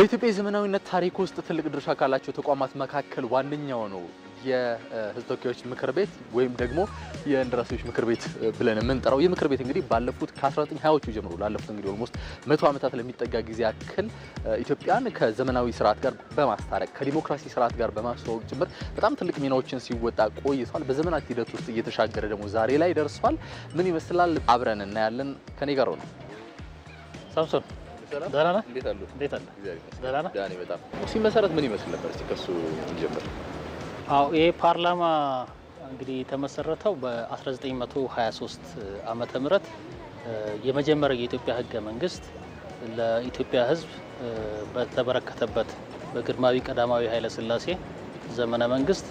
በኢትዮጵያ የዘመናዊነት ታሪክ ውስጥ ትልቅ ድርሻ ካላቸው ተቋማት መካከል ዋነኛው ነው የሕዝብ ተወካዮች ምክር ቤት ወይም ደግሞ የእንደራሴዎች ምክር ቤት ብለን የምንጠራው ይህ ምክር ቤት እንግዲህ ባለፉት ከ1920ዎቹ ጀምሮ ላለፉት እንግዲህ ኦልሞስት መቶ ዓመታት ለሚጠጋ ጊዜ ያክል ኢትዮጵያን ከዘመናዊ ስርዓት ጋር በማስታረቅ ከዲሞክራሲ ስርዓት ጋር በማስተዋወቅ ጭምር በጣም ትልቅ ሚናዎችን ሲወጣ ቆይቷል። በዘመናት ሂደት ውስጥ እየተሻገረ ደግሞ ዛሬ ላይ ደርሷል። ምን ይመስላል? አብረን እናያለን። ከኔ ጋር ነው ሳምሶን ደህና ነህ? እንዴት ደህና ነህ? በጣም ሲመሰረት ምን ይመስል ነበር? እስቲ ከሱ እንጀምር። አዎ ይሄ ፓርላማ እንግዲህ የተመሰረተው በ1923 ዓመተ ምህረት የመጀመሪያው የኢትዮጵያ ህገ መንግስት ለኢትዮጵያ ህዝብ በተበረከተበት በግርማዊ ቀዳማዊ ኃይለ ስላሴ ዘመነ መንግስት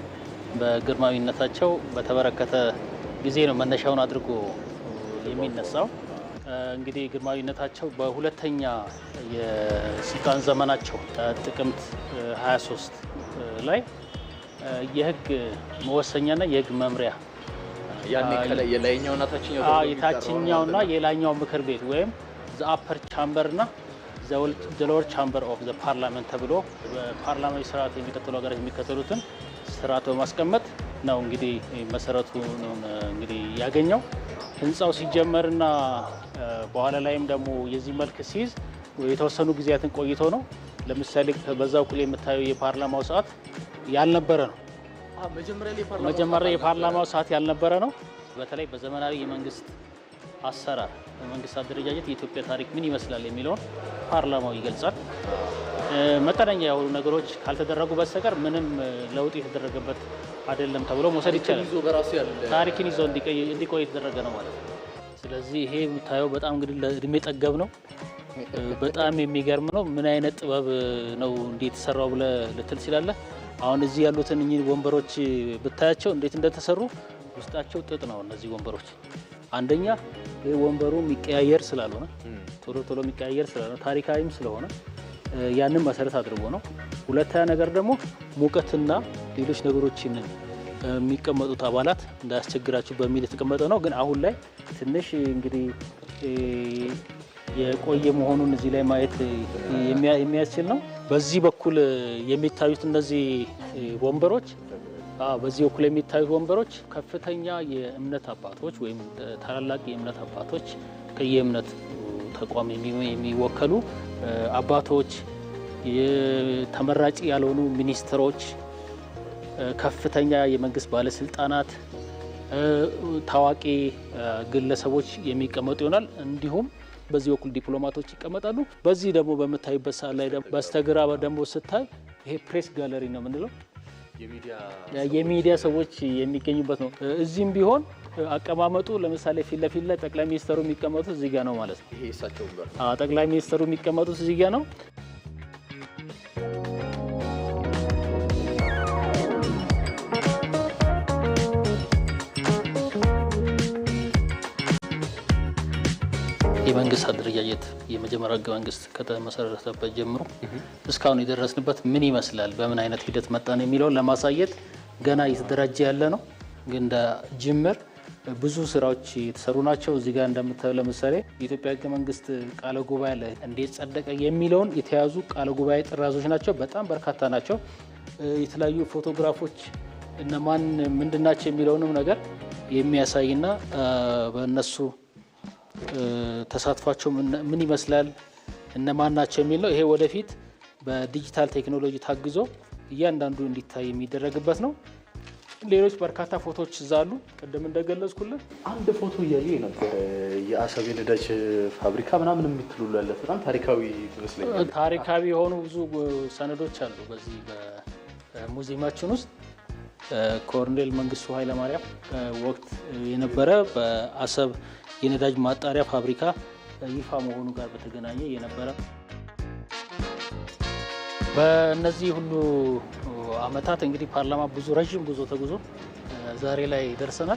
በግርማዊነታቸው በተበረከተ ጊዜ ነው መነሻውን አድርጎ የሚነሳው። እንግዲህ ግርማዊነታቸው በሁለተኛ የስልጣን ዘመናቸው ጥቅምት 23 ላይ የህግ መወሰኛና የህግ መምሪያ የታችኛውና የላይኛው ምክር ቤት ወይም ዘአፐር ቻምበርና ዘሎወር ቻምበር ኦፍ ዘ ፓርላመንት ተብሎ በፓርላማዊ ስርዓት የሚቀጥሉ ሀገራት የሚከተሉትን ስርዓት በማስቀመጥ ነው እንግዲህ መሰረቱ እንግዲህ ያገኘው። ህንፃው ሲጀመርና በኋላ ላይም ደግሞ የዚህ መልክ ሲይዝ የተወሰኑ ጊዜያትን ቆይቶ ነው። ለምሳሌ በዛ ኩል የምታየው የፓርላማው ሰዓት ያልነበረ ነው። መጀመሪያ የፓርላማው ሰዓት ያልነበረ ነው። በተለይ በዘመናዊ የመንግስት አሰራር በመንግስት አደረጃጀት የኢትዮጵያ ታሪክ ምን ይመስላል የሚለውን ፓርላማው ይገልጻል። መጠነኛ የሆኑ ነገሮች ካልተደረጉ በስተቀር ምንም ለውጥ የተደረገበት አይደለም ተብሎ መውሰድ ይቻላል። ታሪክን ይዞ እንዲቆይ የተደረገ ነው ማለት ነው። ስለዚህ ይሄ የምታየው በጣም እንግዲህ ለእድሜ ጠገብ ነው። በጣም የሚገርም ነው። ምን አይነት ጥበብ ነው እንዲህ የተሰራው ብለ ልትል ሲላለ አሁን እዚህ ያሉትን እኚህ ወንበሮች ብታያቸው እንዴት እንደተሰሩ ውስጣቸው ጥጥ ነው። እነዚህ ወንበሮች አንደኛ ይህ ወንበሩ የሚቀያየር ስላልሆነ ቶሎ ቶሎ የሚቀያየር ስላልሆነ ታሪካዊም ስለሆነ ያንን መሰረት አድርጎ ነው። ሁለተኛ ነገር ደግሞ ሙቀትና ሌሎች ነገሮችን የሚቀመጡት አባላት እንዳያስቸግራችሁ በሚል የተቀመጠ ነው። ግን አሁን ላይ ትንሽ እንግዲህ የቆየ መሆኑን እዚህ ላይ ማየት የሚያስችል ነው። በዚህ በኩል የሚታዩት እነዚህ ወንበሮች በዚህ በኩል የሚታዩት ወንበሮች ከፍተኛ የእምነት አባቶች ወይም ታላላቅ የእምነት አባቶች ከየእምነት ተቋም የሚወከሉ አባቶች፣ ተመራጭ ያልሆኑ ሚኒስትሮች፣ ከፍተኛ የመንግስት ባለስልጣናት፣ ታዋቂ ግለሰቦች የሚቀመጡ ይሆናል። እንዲሁም በዚህ በኩል ዲፕሎማቶች ይቀመጣሉ። በዚህ ደግሞ በምታዩበት ሰዓት ላይ በስተግራ ደግሞ ስታይ ይሄ ፕሬስ ጋለሪ ነው የምንለው የሚዲያ ሰዎች የሚገኙበት ነው። እዚህም ቢሆን አቀማመጡ ለምሳሌ ፊት ለፊት ላይ ጠቅላይ ሚኒስተሩ የሚቀመጡት እዚህ ጋ ነው ማለት ነው። ጠቅላይ ሚኒስተሩ የሚቀመጡት እዚህ ጋ ነው። የመንግስት አደረጃጀት የመጀመሪያ ህገ መንግስት ከተመሰረተበት ጀምሮ እስካሁን የደረስንበት ምን ይመስላል፣ በምን አይነት ሂደት መጣን የሚለውን ለማሳየት ገና እየተደራጀ ያለ ነው ግን እንደ ጅምር ብዙ ስራዎች የተሰሩ ናቸው። እዚህ ጋር እንደምታዩ ለምሳሌ የኢትዮጵያ ህገ መንግስት ቃለ ጉባኤ ላይ እንዴት ጸደቀ የሚለውን የተያዙ ቃለ ጉባኤ ጥራዞች ናቸው። በጣም በርካታ ናቸው። የተለያዩ ፎቶግራፎች እነማን ምንድናቸው የሚለውንም ነገር የሚያሳይና በእነሱ ተሳትፏቸው ምን ይመስላል እነማን ናቸው የሚል ነው። ይሄ ወደፊት በዲጂታል ቴክኖሎጂ ታግዞ እያንዳንዱ እንዲታይ የሚደረግበት ነው። ሌሎች በርካታ ፎቶዎች እዛ አሉ። ቅድም እንደገለጽኩልን አንድ ፎቶ እያየ ነበረ የአሰብ የነዳጅ ፋብሪካ ምናምን የምትሉሉ ያለ በጣም ታሪካዊ ትመስለኛል። ታሪካዊ የሆኑ ብዙ ሰነዶች አሉ በዚህ በሙዚየማችን ውስጥ ኮሎኔል መንግስቱ ኃይለማርያም ወቅት የነበረ በአሰብ የነዳጅ ማጣሪያ ፋብሪካ ይፋ መሆኑ ጋር በተገናኘ የነበረ በእነዚህ ሁሉ አመታት እንግዲህ ፓርላማ ብዙ ረዥም ጉዞ ተጉዞ ዛሬ ላይ ደርሰናል።